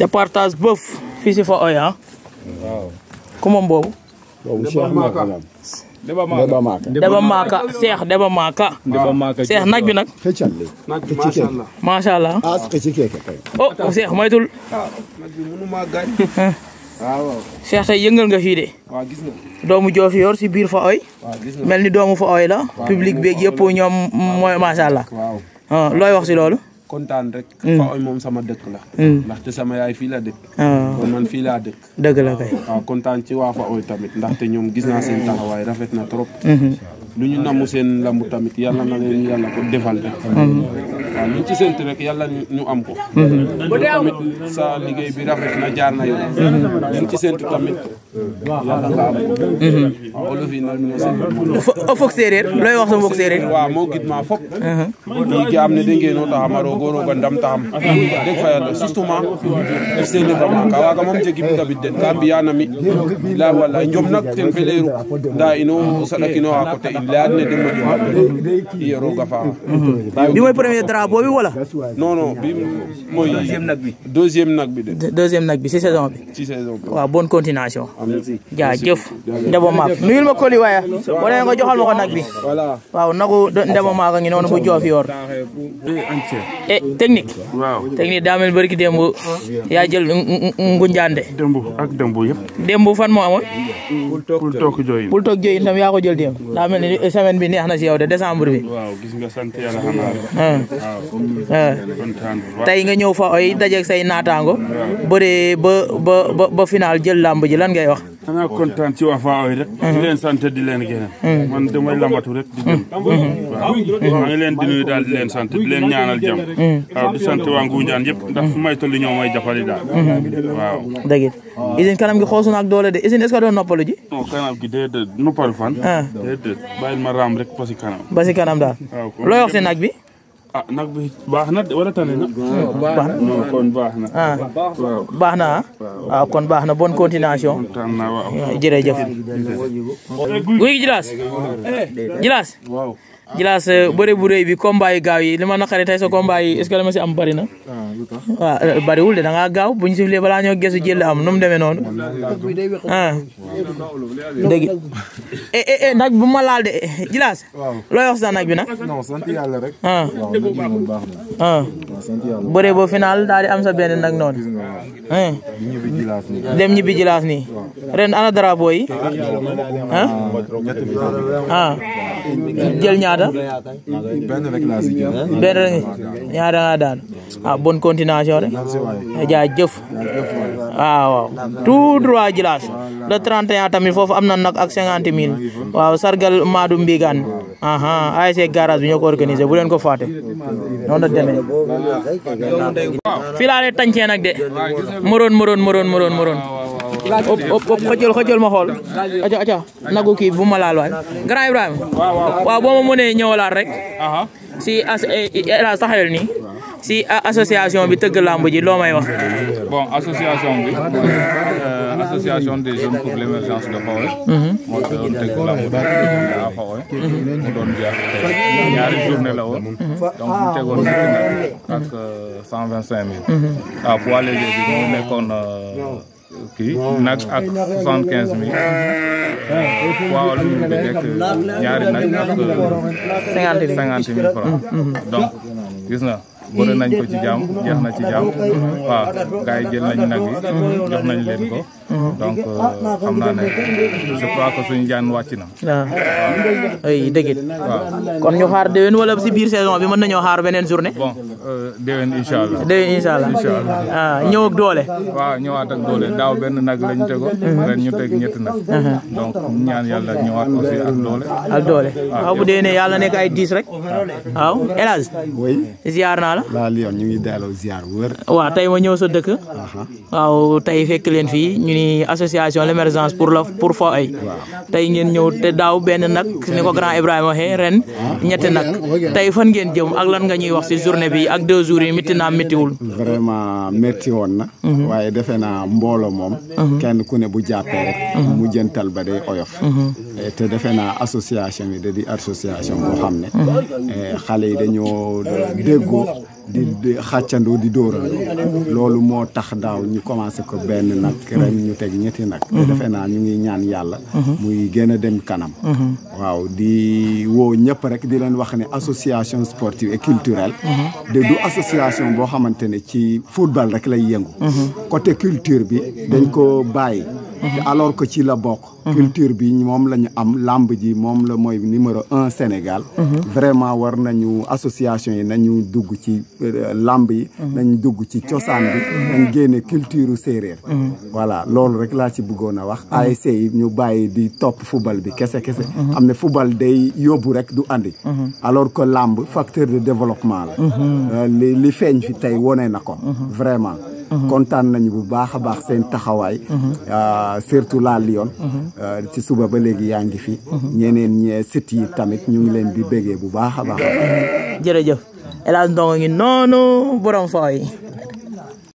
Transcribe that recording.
départage bëf fii si fa oy ah. ku moom boobu. boobu Cheikh bi nag. macha allah macha oh Cheikh moytul. waaw Cheikh yëngal nga fii de. doomu Joof yor si biir fa oy. mel ni doomu fa oy la. public beeg yëpp ñoom mooy allah. Ah, looy wax si loolu. kontaan rek. Mm. Faoy moom sama dëkk la. Mm. ndaxte sama yaay fii la dëkk. Ah. kon man fii laa dëkk. dëgg la kay waaw kontaan ci waa Faoy tamit ndaxte ñoom gis naa seen waaye rafet na trop. Mm-hmm. lu ñu namm seen lamb tamit yàlla na leen yàlla ko defal waaw liñ ci séntu rek yàlla ñu am ko tamit sa liggéey bi rafet na jaar na yoon liñ ci séntu tamit yàlla nga am ko waaw nag ñu ne sa mbokk séeréer waaw moo gid ma fop i ga am ne de ngeenoo taxam a roogo a ndam taxam deg fa yàlla surtout ma FC Levement ka waaga moom jegim tamit den ka mbiya na mi ten feleeru nda ino saɗakino xa côté laadne de moƴu maɓɓe iyo rooga bi moy premier drapeau bi wala non non bi nag bi nag bi si saison bi si saison bi waaw bonne continuation jaajëf ndebo maak nuyul ma koli waya wala nga joxal ma ko bi waaw nagu ndebo maaka ngi noonu bu joof yoor e technique technique daa mel barki yaa jël ngunjaande démb ak fan moo amoon bul toog jooyin bul ni semaine semaine bi neex na ci yow de décembre bi. waaw gis nga ah. Ah. tey nga ñëw fa oy dajeeg say naataango. bëree ba ba ba final jël làmb ji lan ngay wax. xanaa kontaan ci waa Faoy rek. Mm-hmm. di leen sant di leen gërëm. Mm-hmm. Mm-hmm. man damay lambatu rek di dem. waaw maa ngi leen di nuyu daal di leen sant di leen ñaanal jàmm. waaw di sant waa Ngunjaan yëpp. ndax fu may toll ñoo may jàppale daal. waaw. dëgg it usine kanam gi xoosu na ak doole de usine est-ce noppalu ji. non kanam gi déedéet noppalu fan. Ah. déedéet bàyyil ma raam rek ba kanam. ba kanam daal. waaw si nag bi. ah nag bi baax na wala baax na kon baax na. Ah. Ah? ah kon baax na bonne continuation. jërëjëf. guy gi Jilaas. Jilaas. Djilass bëre bu rëy bi combat gaaw yi li ma naqari tey sa combat yi est am bari na. Ah, waaw euh, bariwul de da ngaa gaaw bu ñu siflee balaa ñoo gëstu jël am nu ah. eh, eh, eh, ma laal de Djilass. looy wax ah. am sa benn nag noonu. dem ñibbi Djilass nii. ren ana drapeau yi. ah. jël ñaata. benn rek laa si jël. benn rek ñaata nga daan ah bonne continuation rek. Eh, jaajëf. waaw ah, waaw tout droit Djilass le 31 tamit foofu am na nag ak 50 mille waaw sargal Madou Mbigane aha garage bi ñoo ko organisé bu leen ko fàtte noonu la demee. fii de moroon moroon moroon ëpp ëpp xëccal ma xool aca aca nagu kii bu ma laal waay grand Ibrahima waaw boo ma mënee ñëwalaat rek si as taxawel eh, eh, nii si association bi tëgg làmb ji loo may bon association bi euh, association des jeunes pour l'émergence de Khowe mhm. moo doon tëgg làmb mu doon jeex ñaari la woon mhm. donc mu tegoon ak euh, cent vingt cinq mille mhm. bi mu nekkoon euh, kii nag euh, ak soixante quinze euh, mille. waaw lu mu dégg ñaari nag ak cinquante mille cinquante mille donc gis na bëri nañ ko ci jàmm jeex na ci jàmm waaw gars yi jël nañ nag yi jox nañ leen ko. Mm-hmm. donc euh, ah, xam naa ne je crois que suñu jaan wàcc na. waaw ah. ay dëgg it. waaw kon ñu xaar déwén wala si biir saison bi mën nañoo xaar beneen journée. bon euh, déwén incha allah. déwén incha allah incha allah. Ah, ak doole. waaw ñëwaat ak doole daaw benn nag lañ tego mm-hmm. ñu teg ñetti nag. Uh-huh. donc ñaan yàlla ñëwaat aussi ak doole. ak doole waaw bu déwénee yàlla nekk ay diis rek. waaw El Hadj. naa la. laa Lyon ñu ngi tey ma ñëw sa dëkk. waaw tey fekk leen fii ñu ni association l'émergence pour la pour fo ay tey ngeen ñëw te daaw benn nag ni ko grand Ibrahima waxee ah, ren ñetti nag tey fan ngeen jëm ak lan nga ñuy wax ci journée bi ak deux jours yi métti naa méttiwul vraiment métti woon na mhm. waaye defe naa mbooloo moom mhm. kenn ku ne bu jàppee rek mhm. mu jëntal ba day oyof eh, te defe naa association bi da di association boo xam ne eh, xale yi dañoo déggoo di xàccandoo di dóorandoo loolu moo tax daaw ñu commencé ko benn nag ren ñu teg ñetti nag mhm. defe naa ñu ngi ñaan yàlla mhm. mu gën a dem kanam mhm. waaw di woo ñëpp rek di leen wax ne association sportive et culturelle de du association boo xamante ne ci football rek la yëngu côté culture bi dañ ko bàyyi alors que ci la bokk culture bi moom la ñu am làmb ji moom la mooy numéro un Sénégal vraiment war nañu association yi nañu dugg ci euh, làmb yi nañu dugg ci cosaan bi nañ génne culture séeréer voilà loolu rek laa ci buggoon a wax ASC yi ñu bàyyi di topp football bi kese kese am ne football day yóbbu rek du andi alors que làmb facteur de développement mhm. euh, li feeñ fi tey wone na ko mhm. vraiment Mm-hmm. kontaan nañu bu baax a baax seen taxawaay. Mm-hmm. Ah, surtout la Lyon. Mm-hmm. Ah, ci suba ba léegi yaa ngi fi. ñeneen ñee sit yi tamit ñu ngi leen di bégee bu baax a baax. jërëjëf El noonu borom fooy.